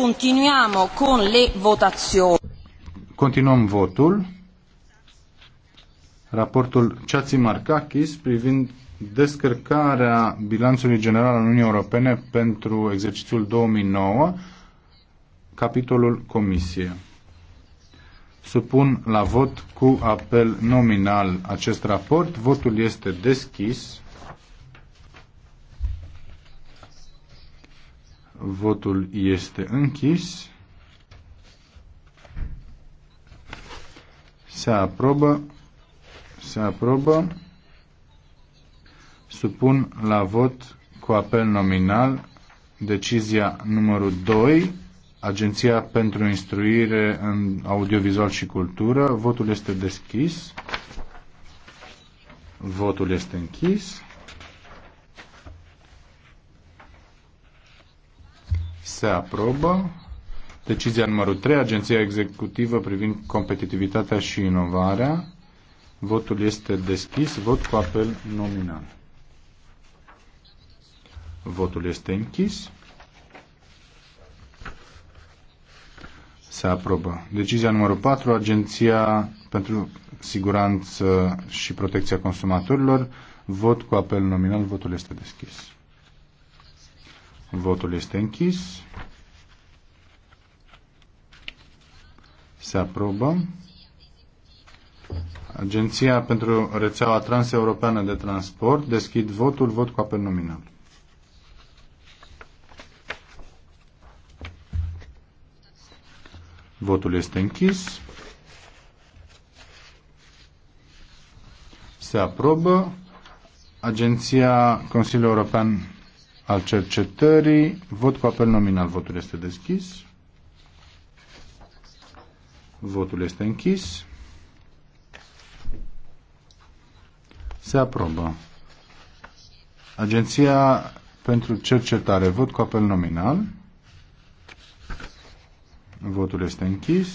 Continuiamo con le votazioni. Continuăm votul. Raportul Ceații Marcachis privind descărcarea bilanțului general al Uniunii Europene pentru exercițiul 2009, capitolul Comisie. Supun la vot cu apel nominal acest raport. Votul este deschis. Votul este închis. Se aprobă. Se aprobă. Supun la vot cu apel nominal decizia numărul 2, Agenția pentru Instruire în Audiovizual și Cultură. Votul este deschis. Votul este închis. Se aprobă. Decizia numărul 3, Agenția Executivă privind competitivitatea și inovarea. Votul este deschis, vot cu apel nominal. Votul este închis. Se aprobă. Decizia numărul 4, Agenția pentru Siguranță și Protecția Consumatorilor. Vot cu apel nominal, votul este deschis. Votul este închis. Se aprobă. Agenția pentru rețeaua transeuropeană de transport. Deschid votul. Vot cu apel nominal. Votul este închis. Se aprobă. Agenția Consiliului European al cercetării. Vot cu apel nominal. Votul este deschis. Votul este închis. Se aprobă. Agenția pentru cercetare. Vot cu apel nominal. Votul este închis.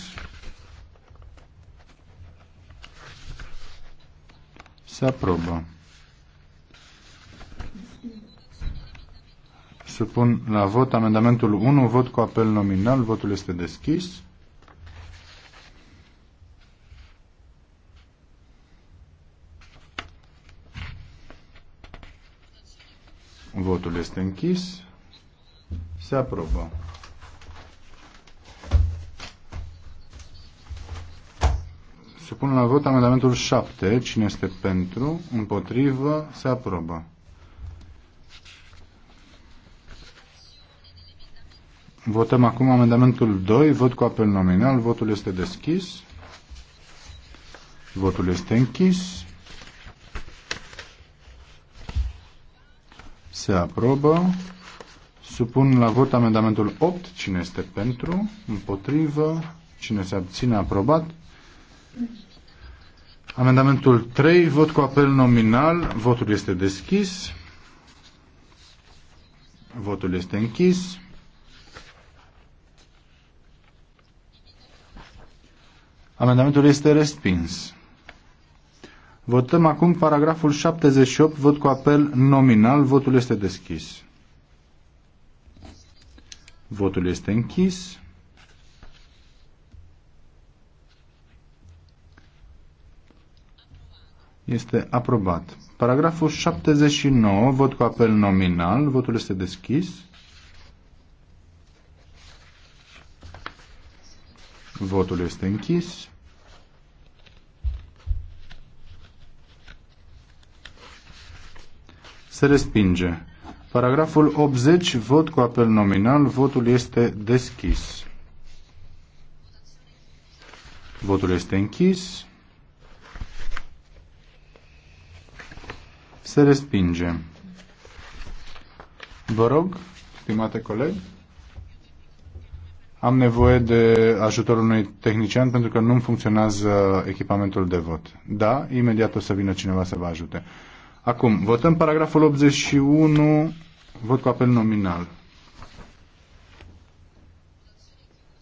Se aprobă. supun la vot amendamentul 1, vot cu apel nominal, votul este deschis. Votul este închis. Se aprobă. Supun la vot amendamentul 7. Cine este pentru? Împotrivă? Se aprobă. Votăm acum amendamentul 2, vot cu apel nominal, votul este deschis. Votul este închis. Se aprobă. Supun la vot amendamentul 8. Cine este pentru? Împotrivă? Cine se abține? Aprobat. Amendamentul 3. Vot cu apel nominal. Votul este deschis. Votul este închis. Amendamentul este respins. Votăm acum paragraful 78, vot cu apel nominal, votul este deschis. Votul este închis. Este aprobat. Paragraful 79, vot cu apel nominal, votul este deschis. Votul este închis. Se respinge. Paragraful 80, vot cu apel nominal, votul este deschis. Votul este închis. Se respinge. Vă rog, stimate colegi. Am nevoie de ajutorul unui tehnician pentru că nu funcționează echipamentul de vot. Da, imediat o să vină cineva să vă ajute. Acum, votăm paragraful 81, vot cu apel nominal.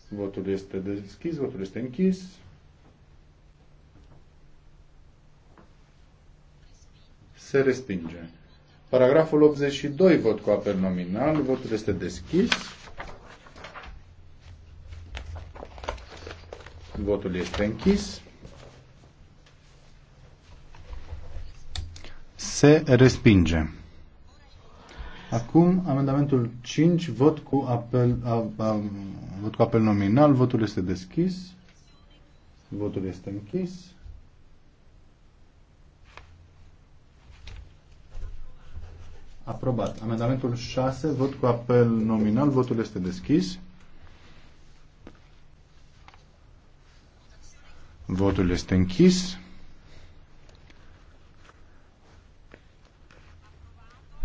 Votul este deschis, votul este închis. Se respinge. Paragraful 82, vot cu apel nominal, votul este deschis. Votul este închis. Se respinge. Acum, amendamentul 5, vot cu apel, a, a, vot cu apel nominal, votul este deschis, votul este închis. Aprobat. Amendamentul 6, vot cu apel nominal, votul este deschis. Votul este închis.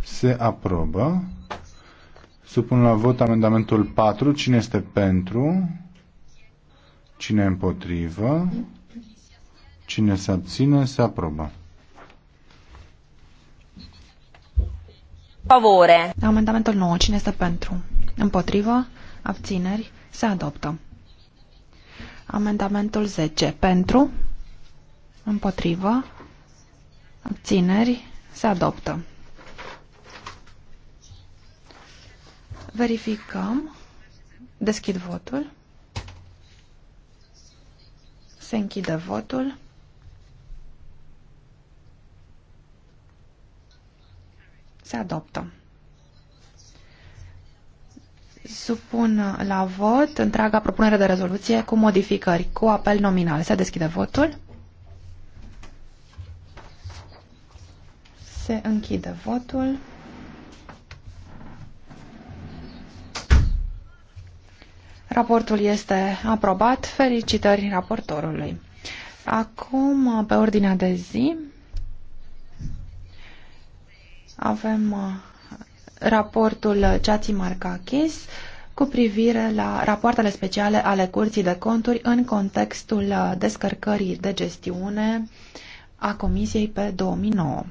Se aprobă. Supun la vot amendamentul 4. Cine este pentru? Cine împotrivă? Cine se abține? Se aprobă. Favore. Amendamentul 9. Cine este pentru? Împotrivă? Abțineri? Se adoptă. Amendamentul 10. Pentru, împotrivă, abțineri, se adoptă. Verificăm. Deschid votul. Se închide votul. Se adoptă. Supun uh, la vot întreaga propunere de rezoluție cu modificări, cu apel nominal. Se deschide votul. Se închide votul. Raportul este aprobat. Felicitări raportorului. Acum, uh, pe ordinea de zi, avem uh, raportul Ceații Marcachis cu privire la rapoartele speciale ale Curții de Conturi în contextul descărcării de gestiune a Comisiei pe 2009.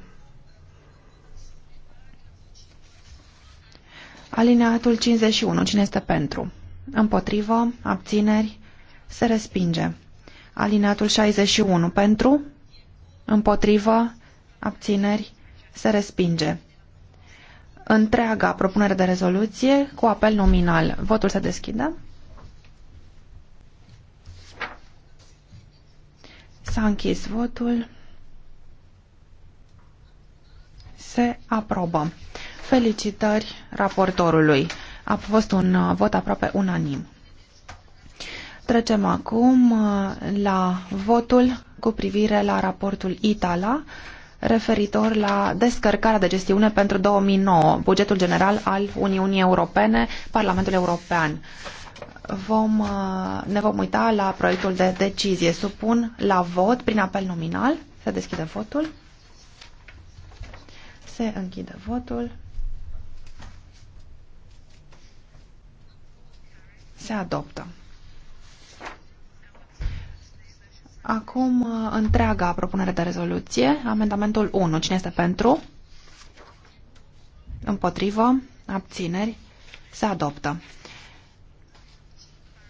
Alineatul 51. Cine este pentru? Împotrivă? Abțineri? Se respinge. Alineatul 61. Pentru? Împotrivă? Abțineri? Se respinge întreaga propunere de rezoluție cu apel nominal. Votul se deschide. S-a închis votul. Se aprobă. Felicitări raportorului. A fost un uh, vot aproape unanim. Trecem acum uh, la votul cu privire la raportul Itala referitor la descărcarea de gestiune pentru 2009, bugetul general al Uniunii Europene, Parlamentul European. Vom, uh, ne vom uita la proiectul de decizie. Supun la vot prin apel nominal. Se deschide votul. Se închide votul. Se adoptă. Acum uh, întreaga propunere de rezoluție, amendamentul 1. Cine este pentru? Împotrivă? Abțineri? Se adoptă.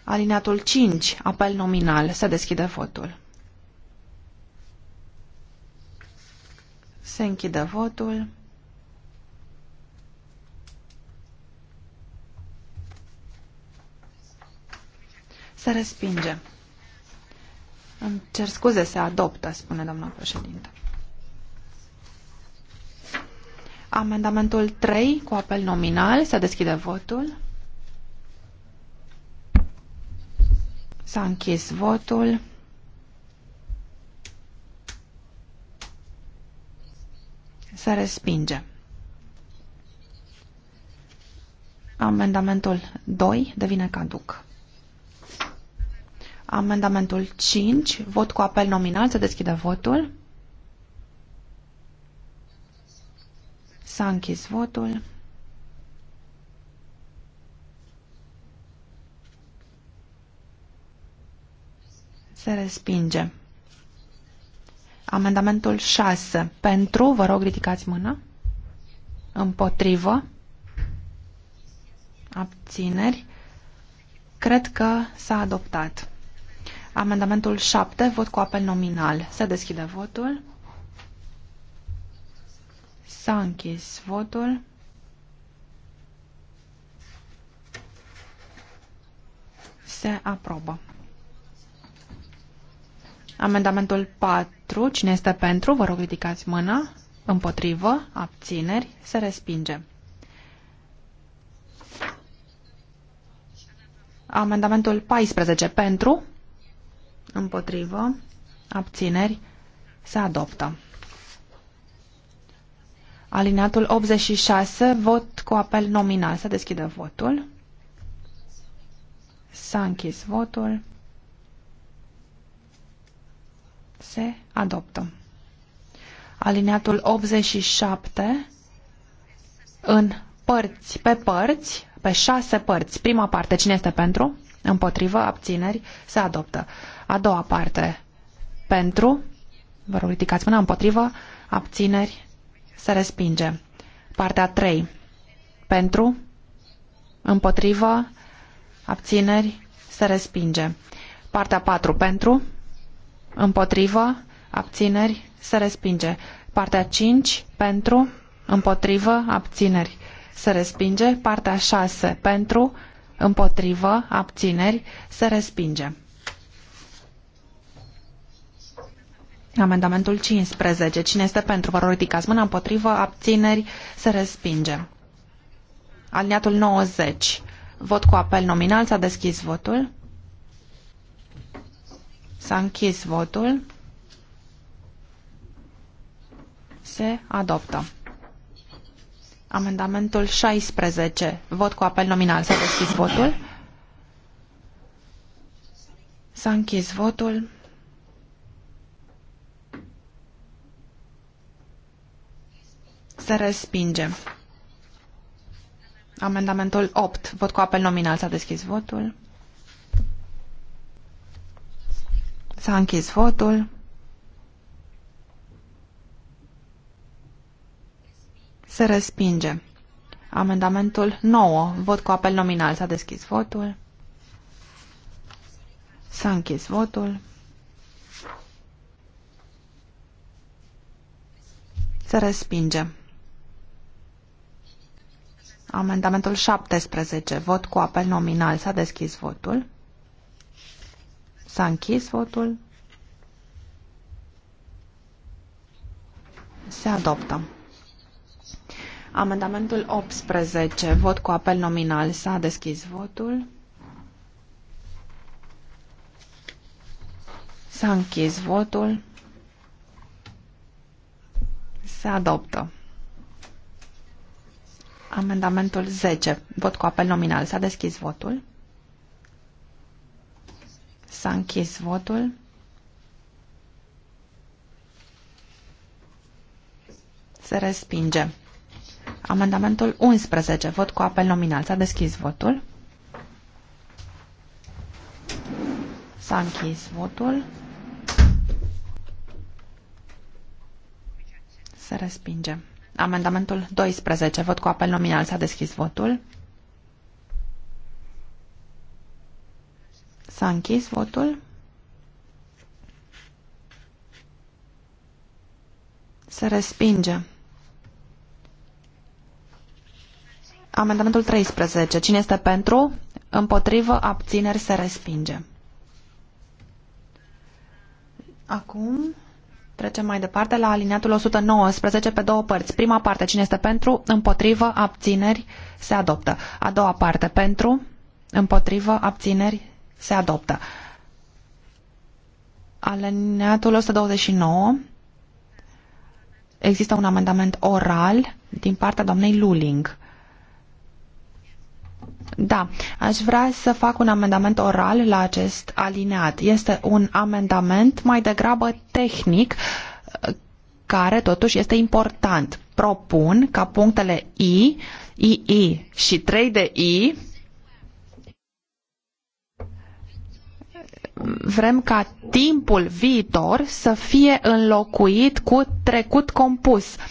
Alineatul 5, apel nominal. Se deschide votul. Se închide votul. Se respinge. Îmi cer scuze, se adoptă, spune doamna președinte. Amendamentul 3 cu apel nominal. Se deschide votul. S-a închis votul. Se respinge. Amendamentul 2 devine caduc. Amendamentul 5, vot cu apel nominal, se deschide votul. S-a închis votul. Se respinge. Amendamentul 6. Pentru, vă rog, ridicați mâna. Împotrivă. Abțineri. Cred că s-a adoptat. Amendamentul 7, vot cu apel nominal. Se deschide votul. S-a închis votul. Se aprobă. Amendamentul 4. Cine este pentru? Vă rog, ridicați mâna. Împotrivă. Abțineri. Se respinge. Amendamentul 14. Pentru. Împotrivă. Abțineri. Se adoptă. Alineatul 86, vot cu apel nominal. Să deschidă votul. S-a închis votul. Se adoptă. Alineatul 87, în părți, pe părți, pe șase părți. Prima parte, cine este pentru? Împotrivă, abțineri, se adoptă. A doua parte. Pentru. Vă rog, ridicați mâna împotrivă. Abțineri. Se respinge. Partea 3. Pentru. Împotrivă. Abțineri. Se respinge. Partea 4. Pentru. Împotrivă. Abțineri. Se respinge. Partea 5. Pentru. Împotrivă. Abțineri. Se respinge. Partea 6. Pentru. Împotrivă. Abțineri. Se respinge. Amendamentul 15. Cine este pentru? Vă rog, ridicați mâna împotrivă, abțineri, se respinge. Aliniatul 90. Vot cu apel nominal. S-a deschis votul. S-a închis votul. Se adoptă. Amendamentul 16. Vot cu apel nominal. S-a deschis votul. S-a închis votul. se respinge. Amendamentul 8. Vot cu apel nominal. S-a deschis votul. S-a închis votul. Se respinge. Amendamentul 9. Vot cu apel nominal. S-a deschis votul. S-a închis votul. Se respinge. Amendamentul 17. Vot cu apel nominal. S-a deschis votul. S-a închis votul. Se adoptă. Amendamentul 18. Vot cu apel nominal. S-a deschis votul. S-a închis votul. Se adoptă. Amendamentul 10. Vot cu apel nominal. S-a deschis votul. S-a închis votul. Se respinge. Amendamentul 11. Vot cu apel nominal. S-a deschis votul. S-a închis votul. Se respinge. Amendamentul 12. Vot cu apel nominal. S-a deschis votul. S-a închis votul. Se respinge. Amendamentul 13. Cine este pentru? Împotrivă, abțineri, se respinge. Acum Trecem mai departe la alineatul 119 pe două părți. Prima parte, cine este pentru, împotrivă, abțineri, se adoptă. A doua parte, pentru, împotrivă, abțineri, se adoptă. Alineatul 129. Există un amendament oral din partea doamnei Luling. Da, aș vrea să fac un amendament oral la acest alineat. Este un amendament mai degrabă tehnic care totuși este important. Propun ca punctele I, II și 3 de I vrem ca timpul viitor să fie înlocuit cu trecut compus. Uh,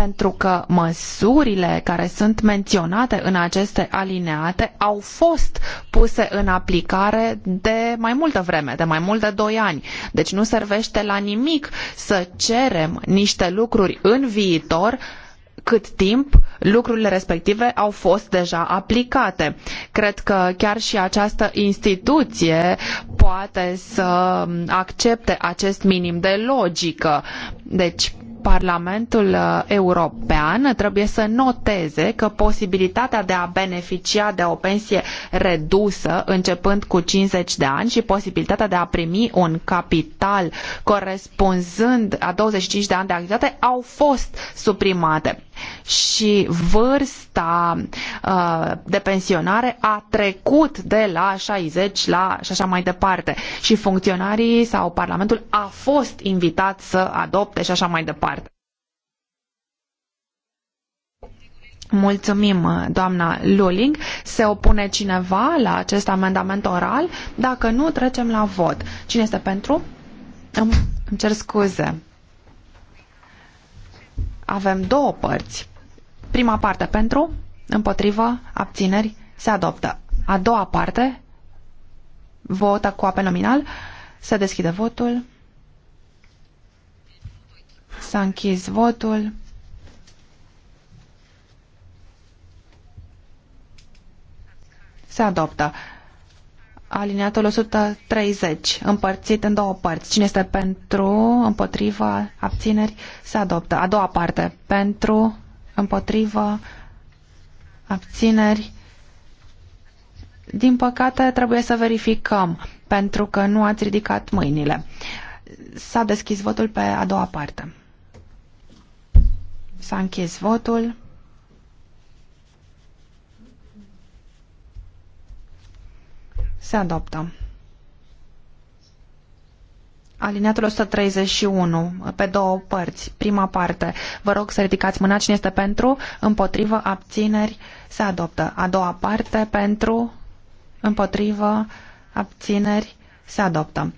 pentru că măsurile care sunt menționate în aceste alineate au fost puse în aplicare de mai multă vreme, de mai mult de doi ani. Deci nu servește la nimic să cerem niște lucruri în viitor cât timp lucrurile respective au fost deja aplicate. Cred că chiar și această instituție poate să accepte acest minim de logică. Deci, Parlamentul uh, European trebuie să noteze că posibilitatea de a beneficia de o pensie redusă începând cu 50 de ani și posibilitatea de a primi un capital corespunzând a 25 de ani de activitate au fost suprimate și vârsta uh, de pensionare a trecut de la 60 la și așa mai departe și funcționarii sau Parlamentul a fost invitat să adopte și așa mai departe. Mulțumim, doamna Luling. Se opune cineva la acest amendament oral? Dacă nu, trecem la vot. Cine este pentru? Îmi cer scuze. Avem două părți. Prima parte pentru, împotrivă, abțineri, se adoptă. A doua parte, vota cu apel nominal, se deschide votul. S-a închis votul. Se adoptă alineatul 130, împărțit în două părți. Cine este pentru, împotriva, abțineri, se adoptă. A doua parte, pentru, împotriva, abțineri. Din păcate, trebuie să verificăm, pentru că nu ați ridicat mâinile. S-a deschis votul pe a doua parte. S-a închis votul. Se adoptă. Alineatul 131, pe două părți. Prima parte, vă rog să ridicați mâna cine este pentru, împotrivă, abțineri, se adoptă. A doua parte, pentru, împotrivă, abțineri, se adoptă.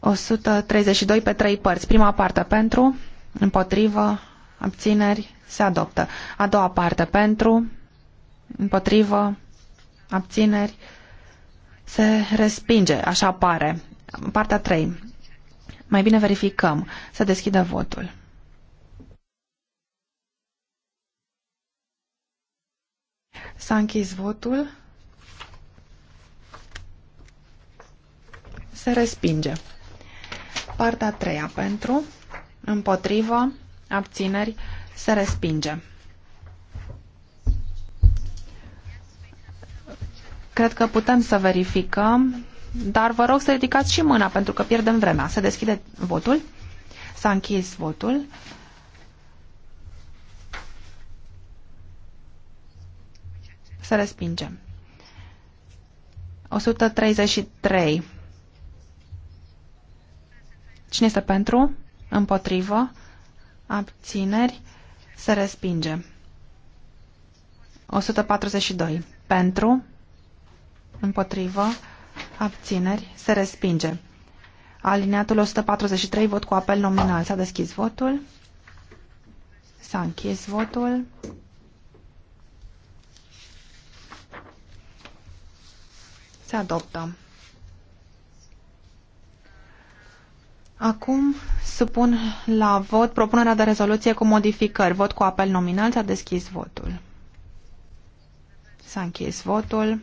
132 pe trei părți. Prima parte pentru, împotrivă, abțineri, se adoptă. A doua parte pentru, împotrivă, abțineri, se respinge, așa pare. Partea 3. Mai bine verificăm. Să deschidă votul. S-a închis votul. Se respinge. Partea a treia pentru, împotrivă, abțineri, se respinge. Cred că putem să verificăm, dar vă rog să ridicați și mâna pentru că pierdem vremea. Se deschide votul. S-a închis votul. Să respingem. 133. Cine este pentru? Împotrivă? Abțineri? Se respinge. 142. Pentru? împotrivă, abțineri, se respinge. Alineatul 143, vot cu apel nominal. S-a deschis votul. S-a închis votul. Se adoptă. Acum supun la vot propunerea de rezoluție cu modificări. Vot cu apel nominal. S-a deschis votul. S-a închis votul.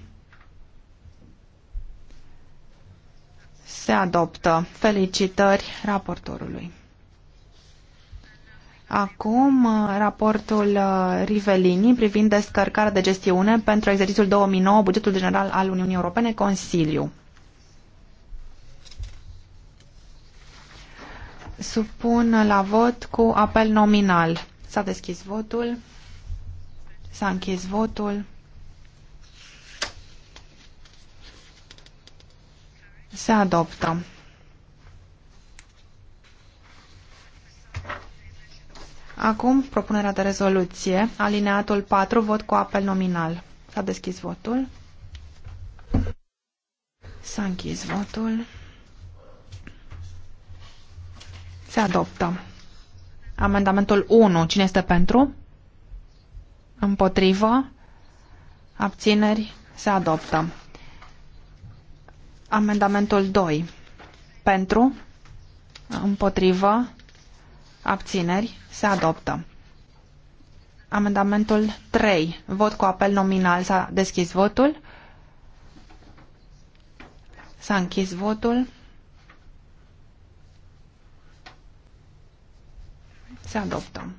Se adoptă. Felicitări raportorului. Acum, uh, raportul uh, Rivelini privind descărcarea de gestiune pentru exercițiul 2009, bugetul general al Uniunii Europene, Consiliu. Supun la vot cu apel nominal. S-a deschis votul. S-a închis votul. Se adoptă. Acum propunerea de rezoluție, alineatul 4, vot cu apel nominal. S-a deschis votul. S-a închis votul. Se adoptă. Amendamentul 1. Cine este pentru? Împotrivă? Abțineri? Se adoptă. Amendamentul 2. Pentru, împotrivă, abțineri, se adoptă. Amendamentul 3. Vot cu apel nominal. S-a deschis votul. S-a închis votul. Se adoptă.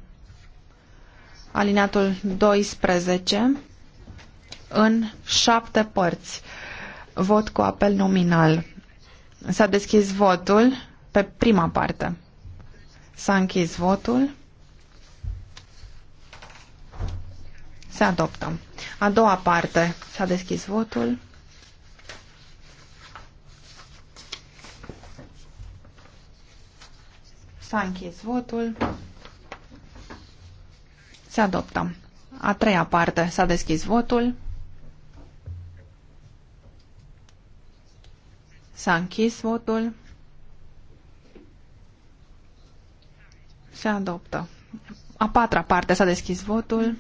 Alineatul 12 în șapte părți. Vot cu apel nominal. S-a deschis votul pe prima parte. S-a închis votul. Se adoptă. A doua parte. S-a deschis votul. S-a închis votul. Se adoptă. A treia parte. S-a deschis votul. S-a închis votul. Se adoptă. A patra parte s-a deschis votul.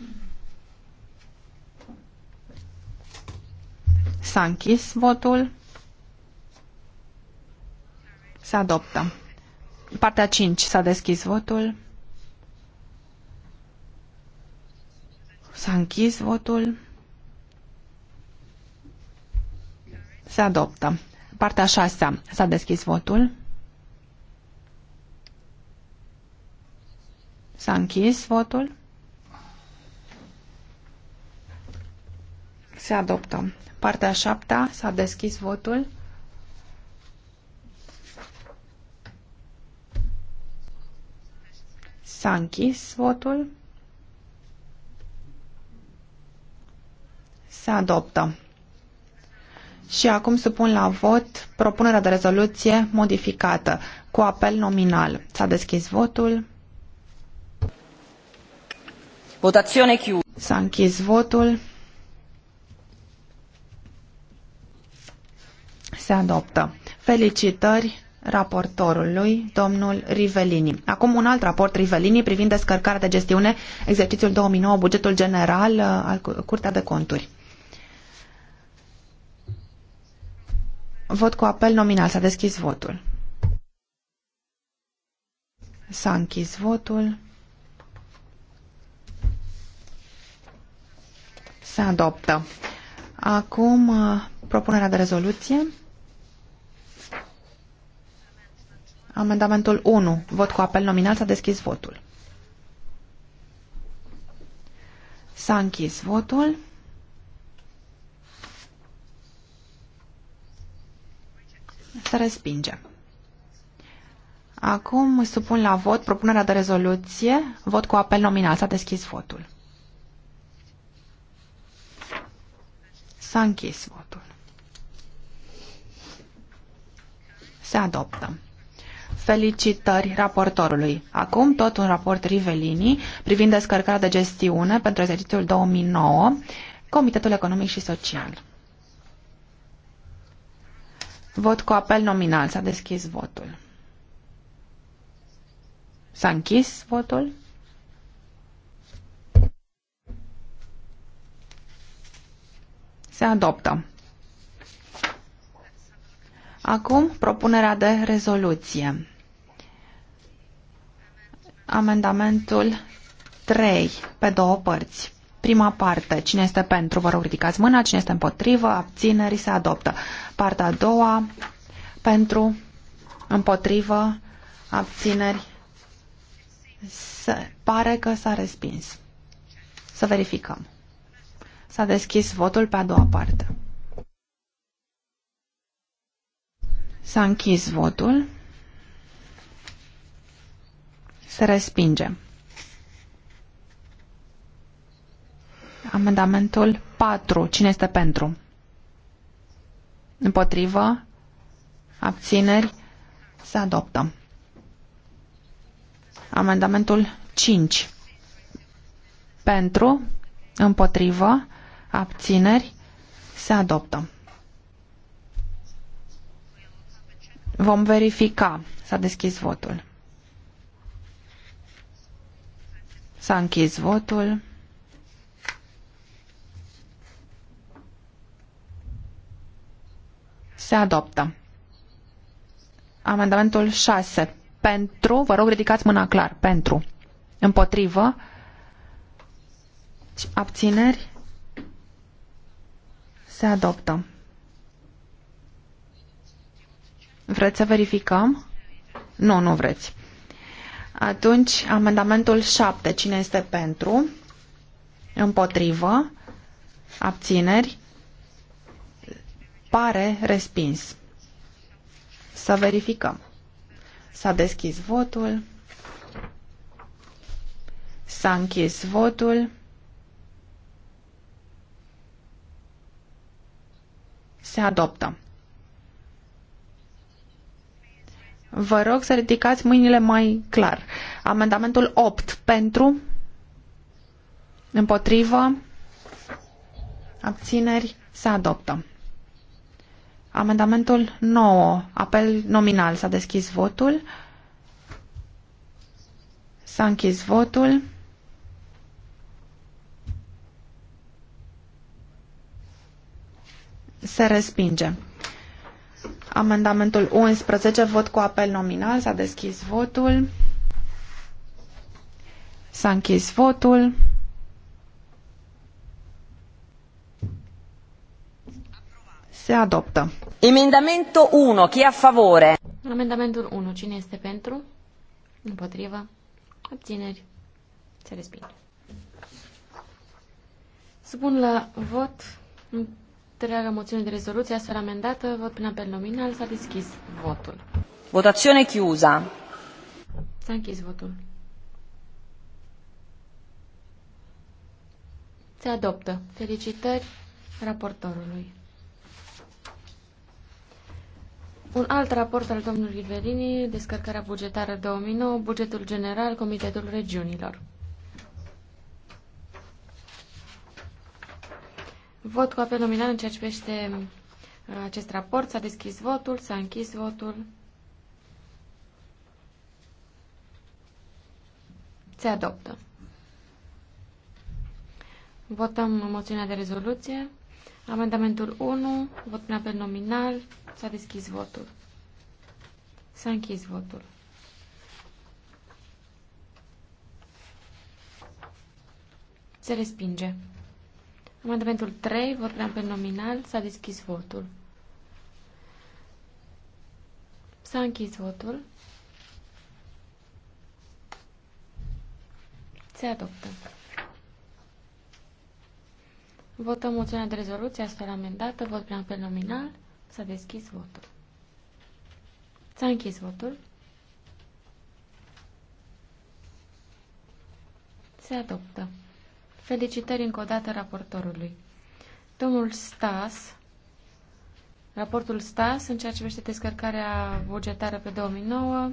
S-a închis votul. Se adoptă. Partea 5 s-a deschis votul. S-a închis votul. Se adoptă. Partea 6. S-a deschis votul. S-a închis votul. Se adoptă. Partea 7. S-a deschis votul. S-a închis votul. Se adoptă. Și acum supun la vot propunerea de rezoluție modificată cu apel nominal. S-a deschis votul. Votazione S-a închis votul. Se adoptă. Felicitări raportorului, domnul Rivelini. Acum un alt raport Rivelini privind descărcarea de gestiune exercițiul 2009, bugetul general uh, al Curtea de Conturi. Vot cu apel nominal. S-a deschis votul. S-a închis votul. Se adoptă. Acum uh, propunerea de rezoluție. Amendamentul 1. Vot cu apel nominal. S-a deschis votul. S-a închis votul. Se respinge. Acum supun la vot propunerea de rezoluție. Vot cu apel nominal. S-a deschis votul. S-a închis votul. Se adoptă. Felicitări raportorului. Acum tot un raport Rivelini privind descărcarea de gestiune pentru exercițiul 2009, Comitetul Economic și Social. Vot cu apel nominal. S-a deschis votul. S-a închis votul. Se adoptă. Acum propunerea de rezoluție. Amendamentul 3 pe două părți. Prima parte, cine este pentru, vă rog ridicați mâna, cine este împotrivă, abțineri, se adoptă. Partea a doua, pentru, împotrivă, abțineri, se pare că s-a respins. Să verificăm. S-a deschis votul pe a doua parte. S-a închis votul. Se respinge. Amendamentul 4. Cine este pentru? Împotrivă? Abțineri? Se adoptă. Amendamentul 5. Pentru? Împotrivă? Abțineri? Se adoptă. Vom verifica. S-a deschis votul. S-a închis votul. Se adoptă. Amendamentul 6. Pentru, vă rog, ridicați mâna clar. Pentru. Împotrivă. Abțineri. Se adoptă. Vreți să verificăm? Nu, nu vreți. Atunci, amendamentul 7. Cine este pentru? Împotrivă? Abțineri? Pare respins. Să verificăm. S-a deschis votul. S-a închis votul. Se adoptă. Vă rog să ridicați mâinile mai clar. Amendamentul 8 pentru, împotrivă, abțineri, se adoptă. Amendamentul 9. Apel nominal. S-a deschis votul. S-a închis votul. Se respinge. Amendamentul 11. Vot cu apel nominal. S-a deschis votul. S-a închis votul. Se adoptă. Emendamentul 1. Chi a favore? Amendamentul 1. Cine este pentru? Împotriva? Abțineri? Se respinge. Supun la vot întreaga moțiune de rezoluție astfel amendată. Vot prin apel nominal. S-a deschis votul. Votațiune chiusa. S-a închis votul. Se adoptă. Felicitări raportorului. Un alt raport al domnului Verini, descărcarea bugetară 2009, bugetul general, Comitetul Regiunilor. Vot cu apel nominal în ceea ce privește uh, acest raport. S-a deschis votul, s-a închis votul. Se adoptă. Votăm moțiunea de rezoluție. Amendamentul 1, vot prin apel nominal, s-a deschis votul. S-a închis votul. Se respinge. Amendamentul 3, vot prin apel nominal, s-a deschis votul. S-a închis votul. Se adoptă. Votăm moțiunea de rezoluție astfel amendată. Vot prin apel nominal. S-a deschis votul. S-a închis votul. Se adoptă. Felicitări încă o dată raportorului. Domnul Stas, raportul Stas în ceea ce privește descărcarea bugetară pe 2009,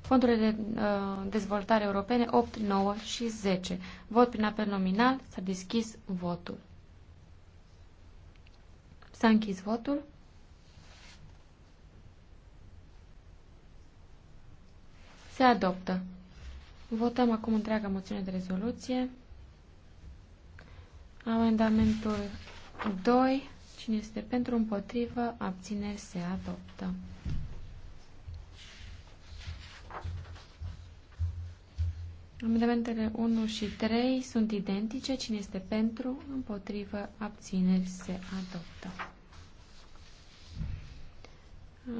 fondurile de uh, dezvoltare europene 8, 9 și 10. Vot prin apel nominal. S-a deschis votul. S-a închis votul. Se adoptă. Votăm acum întreaga moțiune de rezoluție. Amendamentul 2. Cine este pentru, împotrivă, abțineri, se adoptă. Amendamentele 1 și 3 sunt identice. Cine este pentru, împotrivă, abțineri, se adoptă.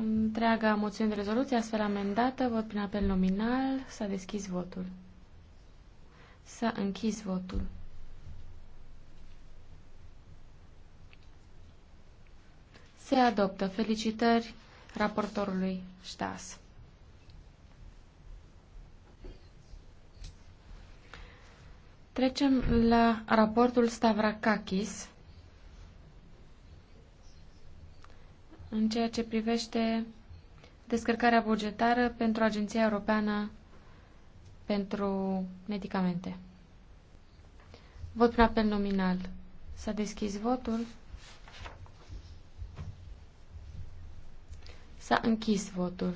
Întreaga moțiune de rezoluție, astfel amendată, vot prin apel nominal, s-a deschis votul. S-a închis votul. Se adoptă. Felicitări raportorului Ștas. Trecem la raportul Stavrakakis în ceea ce privește descărcarea bugetară pentru Agenția Europeană pentru Medicamente. Vot prin apel nominal. S-a deschis votul. S-a închis votul.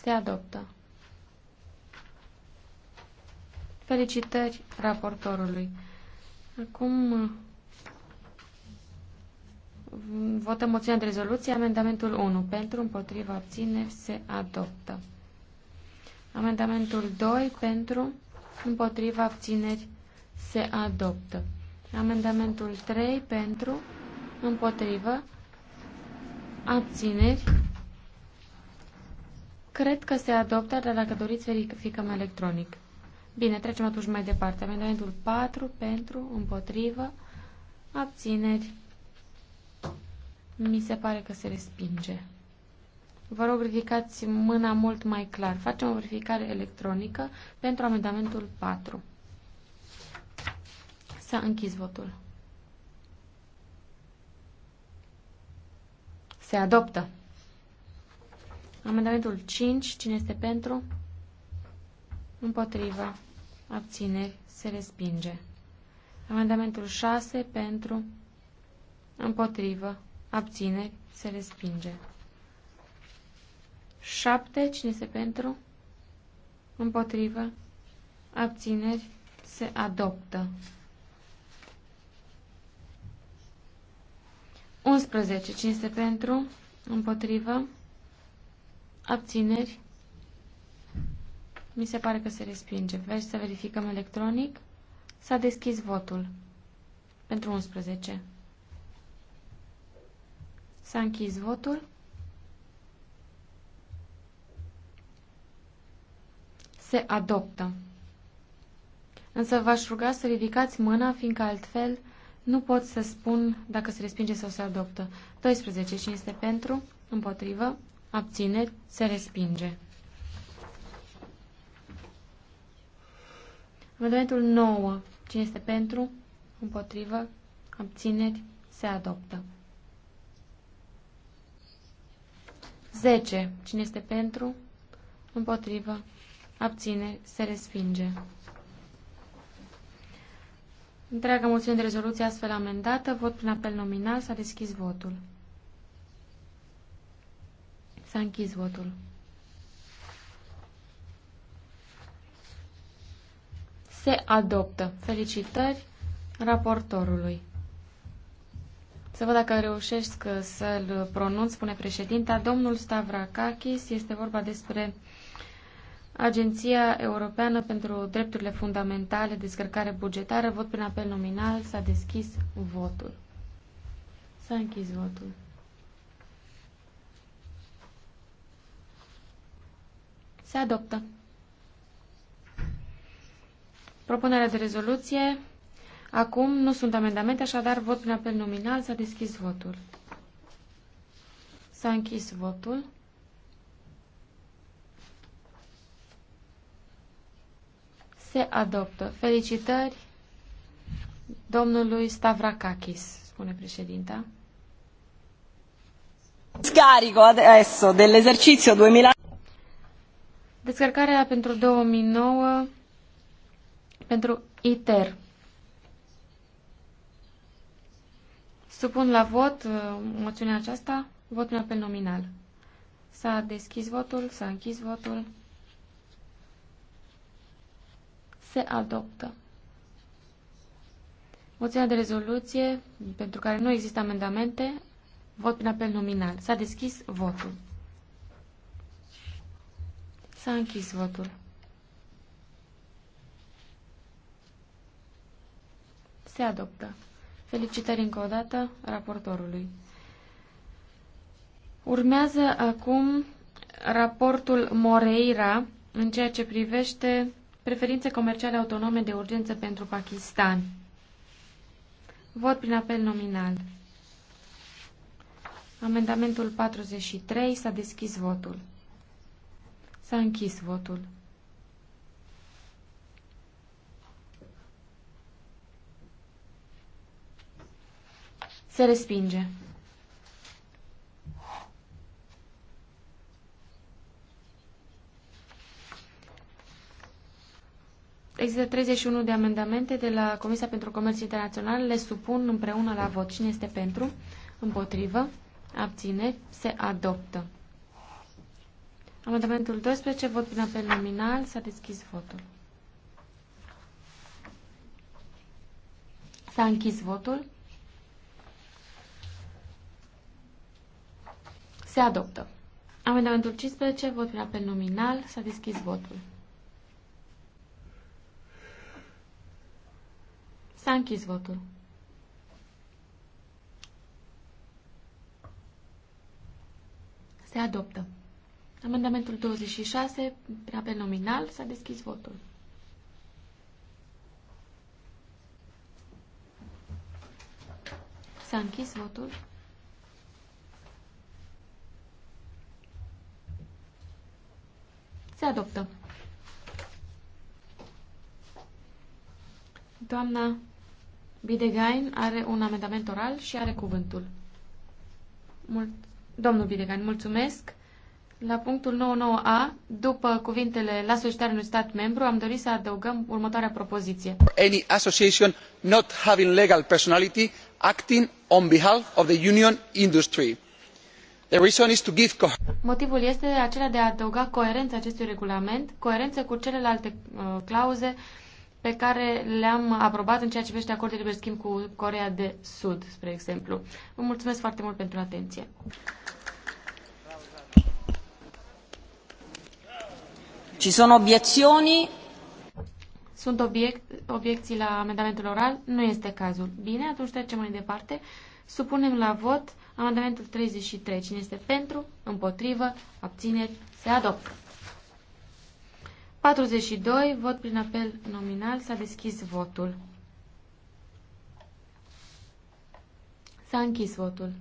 Se adoptă. Felicitări raportorului. Acum votăm moțiunea de rezoluție, amendamentul 1. Pentru, împotriva, abțineri, se adoptă. Amendamentul 2. Pentru, împotriva, abțineri, se adoptă. Amendamentul 3. Pentru, împotriva, abțineri, Cred că se adoptă, dar dacă doriți, verificăm electronic. Bine, trecem atunci mai departe. Amendamentul 4 pentru, împotrivă, abțineri. Mi se pare că se respinge. Vă rog, ridicați mâna mult mai clar. Facem o verificare electronică pentru amendamentul 4. S-a închis votul. Se adoptă. Amendamentul 5. Cine este pentru? Pentru. Împotrivă. Abțineri. Se respinge. Amendamentul 6 pentru. Împotrivă. Abțineri. Se respinge. 7. Cine este pentru? Împotrivă. Abțineri. Se adoptă. 11. Cine este pentru? Împotrivă. Abțineri. Mi se pare că se respinge. Vrei să verificăm electronic? S-a deschis votul. Pentru 11. S-a închis votul. Se adoptă. Însă v-aș ruga să ridicați mâna, fiindcă altfel nu pot să spun dacă se respinge sau se adoptă. 12. Cine este pentru? Împotrivă? Abține? Se respinge. Amendamentul 9. Cine este pentru? Împotrivă? Abțineri? Se adoptă. 10. Cine este pentru? Împotrivă? Abțineri? Se respinge. Întreaga moțiune de rezoluție astfel amendată, vot prin apel nominal, s-a deschis votul. S-a închis votul. se adoptă. Felicitări raportorului. Să văd dacă reușesc uh, să-l pronunț, spune președinta. Domnul Stavrakakis, este vorba despre Agenția Europeană pentru Drepturile Fundamentale, descărcare bugetară, vot prin apel nominal, s-a deschis votul. S-a închis votul. Se adoptă. Propunerea de rezoluție. Acum nu sunt amendamente, așadar vot prin apel nominal. S-a deschis votul. S-a închis votul. Se adoptă. Felicitări domnului Stavrakakis, spune președinta. Scarico adesso dell'esercizio 2000. Descărcarea pentru 2009 pentru ITER. Supun la vot uh, moțiunea aceasta, vot în apel nominal. S-a deschis votul, s-a închis votul. Se adoptă. Moțiunea de rezoluție, pentru care nu există amendamente, vot prin apel nominal. S-a deschis votul. S-a închis votul. Se adoptă. Felicitări încă o dată raportorului. Urmează acum raportul Moreira în ceea ce privește preferințe comerciale autonome de urgență pentru Pakistan. Vot prin apel nominal. Amendamentul 43. S-a deschis votul. S-a închis votul. Se respinge. Există 31 de amendamente de la Comisia pentru Comerț Internațional. Le supun împreună la vot. Cine este pentru? Împotrivă? Abține? Se adoptă. Amendamentul 12, vot prin apel nominal. S-a deschis votul. S-a închis votul. Se adoptă. Amendamentul 15, vot prin apel nominal. S-a deschis votul. S-a închis votul. Se adoptă. Amendamentul 26, prin apel nominal, s-a deschis votul. S-a închis votul. Se adoptă. Doamna Bidegain are un amendament oral și are cuvântul. Mul Domnul Bidegain, mulțumesc. La punctul 99a, după cuvintele la solicitarea unui stat membru, am dorit să adăugăm următoarea propoziție. Any association not having legal personality acting on behalf of the union industry Motivul este acela de a adăuga coerență acestui regulament, coerență cu celelalte uh, clauze pe care le-am aprobat în ceea ce privește acordul de liber schimb cu Corea de Sud, spre exemplu. Vă mulțumesc foarte mult pentru atenție. Ci sono obiezioni? Sunt obiect, obiecții la amendamentul oral? Nu este cazul. Bine, atunci trecem mai departe. Supunem la vot amendamentul 33. Cine este pentru, împotrivă, abțineri, se adoptă. 42. Vot prin apel nominal. S-a deschis votul. S-a închis votul.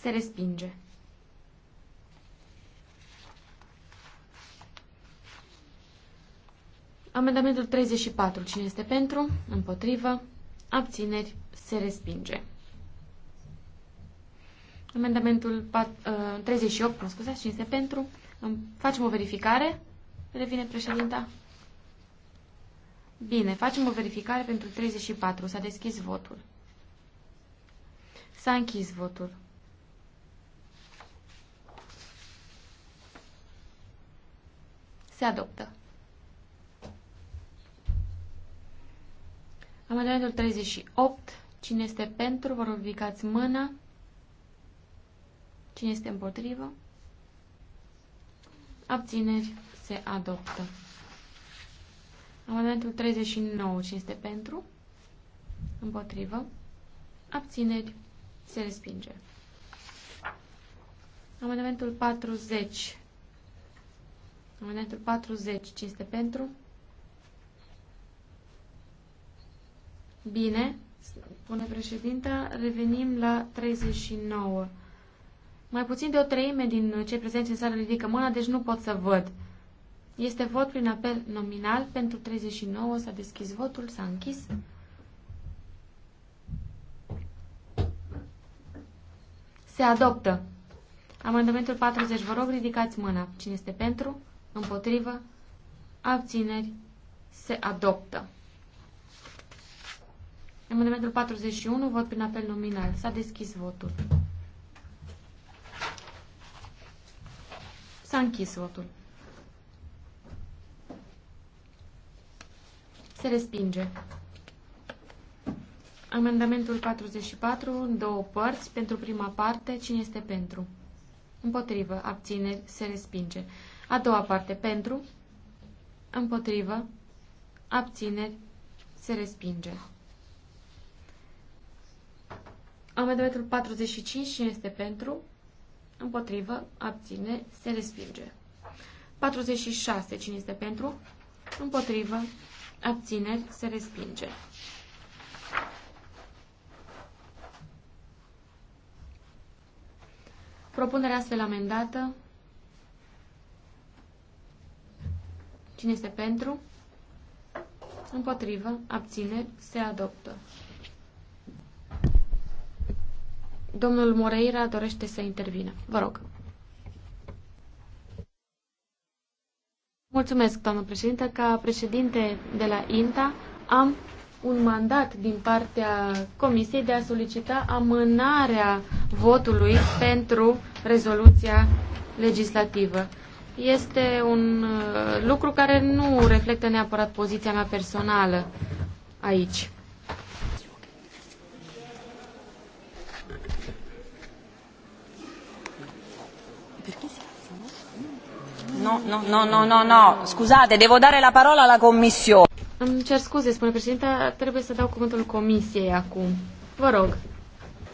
Se respinge. Amendamentul 34. Cine este pentru? Împotrivă. Abțineri. Se respinge. Amendamentul 38, uh, mă scuzați, cine este pentru? Facem o verificare? Revine președinta. Bine, facem o verificare pentru 34. S-a deschis votul. S-a închis votul. Se adoptă. Amendamentul 38. Cine este pentru? Vă rog, ridicați mâna. Cine este împotrivă? Abțineri se adoptă. Amendamentul 39. Cine este pentru? Împotrivă. Abțineri se respinge. Amendamentul 40. Amendamentul 40. Cine este pentru? Bine, spune președinta, revenim la 39. Mai puțin de o treime din cei prezenți în sală ridică mâna, deci nu pot să văd. Este vot prin apel nominal pentru 39. S-a deschis votul, s-a închis. Se adoptă. Amendamentul 40. Vă rog, ridicați mâna. Cine este pentru? Împotrivă? Abțineri? Se adoptă. Amendamentul 41, vot prin apel nominal. S-a deschis votul. S-a închis votul. Se respinge. Amendamentul 44, în două părți, pentru prima parte, cine este pentru? Împotrivă, abțineri, se respinge. A doua parte, pentru, împotrivă, abțineri, se respinge. Amendamentul 45, cine este pentru? Împotrivă, abține, se respinge. 46, cine este pentru? Împotrivă, abține, se respinge. Propunerea astfel amendată. Cine este pentru? Împotrivă, abține, se adoptă. Domnul Moreira dorește să intervină. Vă rog. Mulțumesc, doamnă președinte. Ca președinte de la INTA am un mandat din partea Comisiei de a solicita amânarea votului pentru rezoluția legislativă. Este un uh, lucru care nu reflectă neapărat poziția mea personală aici. No, no, no, no, no, no. Scuzate, devo dare la parola alla Commissione. Îmi cer scuze, spune președinta, trebuie să dau cuvântul Comisiei acum. Vă rog.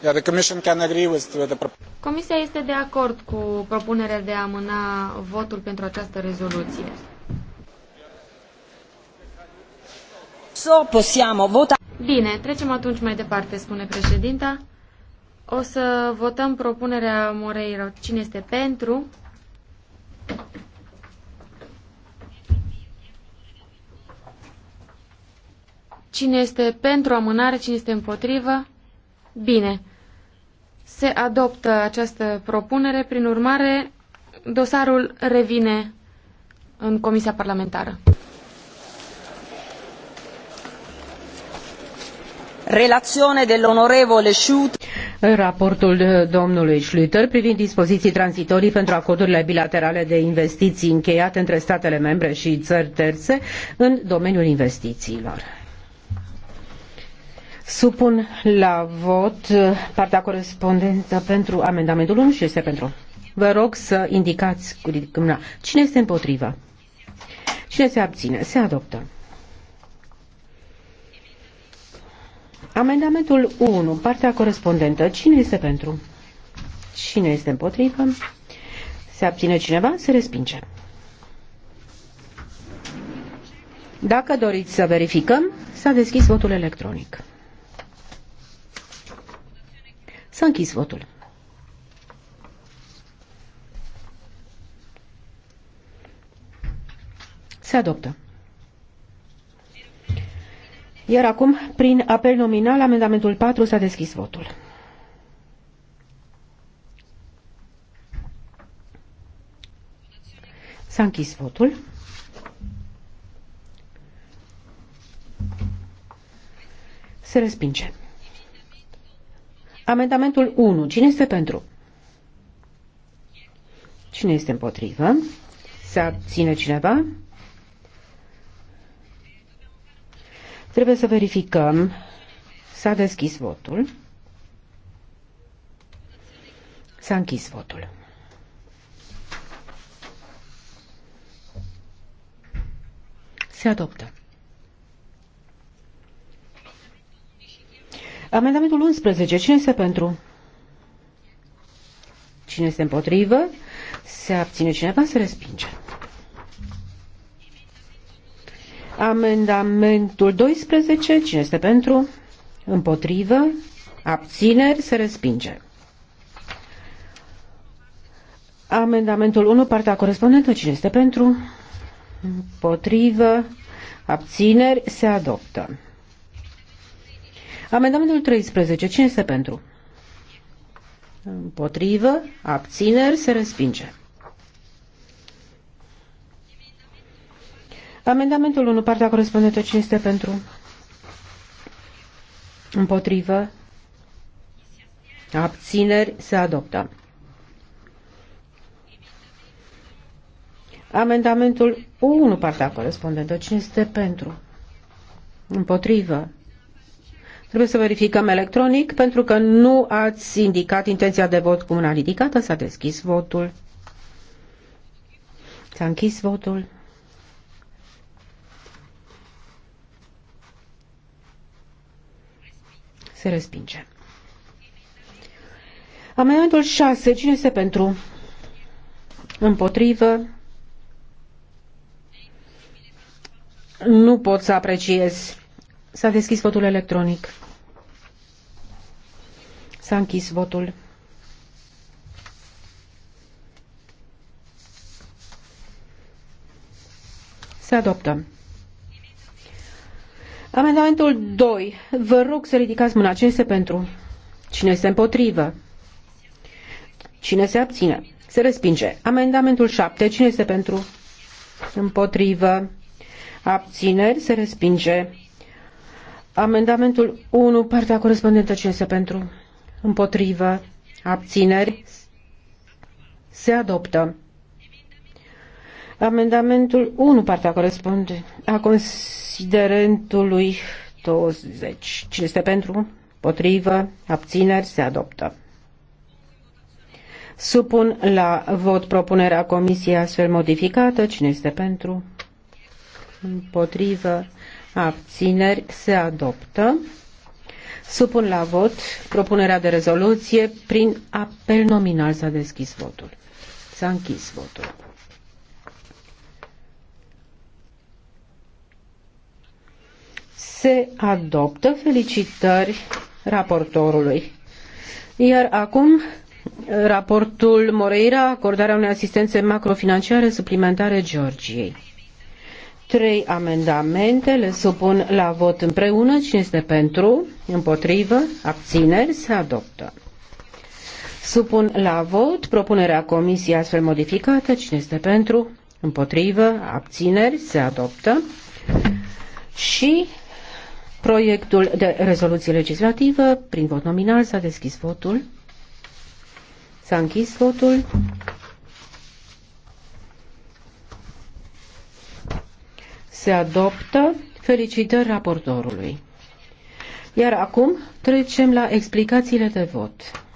Yeah, the commission can agree with the... Comisia este de acord cu propunerea de a amâna votul pentru această rezoluție. So, possiamo vota... Bine, trecem atunci mai departe, spune președinta. O să votăm propunerea Moreira. Cine este pentru? Cine este pentru amânare, cine este împotrivă? Bine. Se adoptă această propunere, prin urmare, dosarul revine în Comisia Parlamentară. de l'onorevole Schut. Raportul domnului Schlüter privind dispoziții tranzitorii pentru acordurile bilaterale de investiții încheiate între statele membre și țări terțe în domeniul investițiilor. Supun la vot uh, partea corespondentă pentru amendamentul 1 și este pentru. Vă rog să indicați cu ridicămâna Cine este împotrivă? Cine se abține? Se adoptă. Amendamentul 1, partea corespondentă. Cine este pentru? Cine este împotrivă? Se abține cineva? Se respinge. Dacă doriți să verificăm, s-a deschis votul electronic. S-a închis votul. Se adoptă. Iar acum, prin apel nominal, amendamentul 4 s-a deschis votul. S-a închis votul. Se respinge. Amendamentul 1. Cine este pentru? Cine este împotrivă? Se abține cineva? Trebuie să verificăm. S-a deschis votul. S-a închis votul. Se adoptă. Amendamentul 11. Cine este pentru? Cine este împotrivă? Se abține cineva? Se respinge. Amendamentul 12. Cine este pentru? Împotrivă? Abțineri? Se respinge. Amendamentul 1, partea corespondentă, cine este pentru? Împotrivă, abțineri, se adoptă. Amendamentul 13. Cine este pentru? Împotrivă, abțineri, se respinge. Amendamentul 1, partea corespondentă, cine este pentru? Împotrivă, abțineri, se adoptă. Amendamentul 1, partea corespondentă, cine este pentru? Împotrivă, Trebuie să verificăm electronic pentru că nu ați indicat intenția de vot cu mâna ridicată. S-a deschis votul. S-a închis votul. Se respinge. Amendamentul 6. Cine este pentru? Împotrivă? Nu pot să apreciez S-a deschis votul electronic. S-a închis votul. Se adoptă. Amendamentul 2. Vă rog să ridicați mâna. Cine este pentru? Cine este împotrivă? Cine se abține? Se respinge. Amendamentul 7. Cine este pentru? Împotrivă. Abțineri. Se respinge. Amendamentul 1, partea corespondentă, ce este pentru? Împotrivă. Abțineri. Se adoptă. Amendamentul 1, partea corespunde a considerentului 20. Cine este pentru? Potrivă. Abțineri. Se adoptă. Supun la vot propunerea comisiei astfel modificată. Cine este pentru? Împotrivă abțineri, se adoptă. Supun la vot propunerea de rezoluție prin apel nominal s-a deschis votul. S-a închis votul. Se adoptă felicitări raportorului. Iar acum raportul Moreira, acordarea unei asistențe macrofinanciare suplimentare Georgiei trei amendamente, le supun la vot împreună. Cine este pentru? Împotrivă? Abțineri? Se adoptă. Supun la vot propunerea comisiei astfel modificată. Cine este pentru? Împotrivă? Abțineri? Se adoptă. Și proiectul de rezoluție legislativă, prin vot nominal, s-a deschis votul. S-a închis votul. se adoptă. Felicitări raportorului. Iar acum trecem la explicațiile de vot.